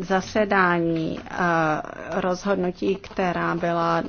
zasedání eh, rozhodnutí, která byla